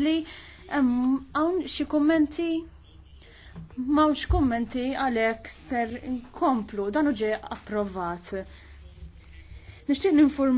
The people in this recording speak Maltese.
li għawn xie kommenti mawx kommenti għalek ser komplu dan uġe approvat. Nishtiq ninform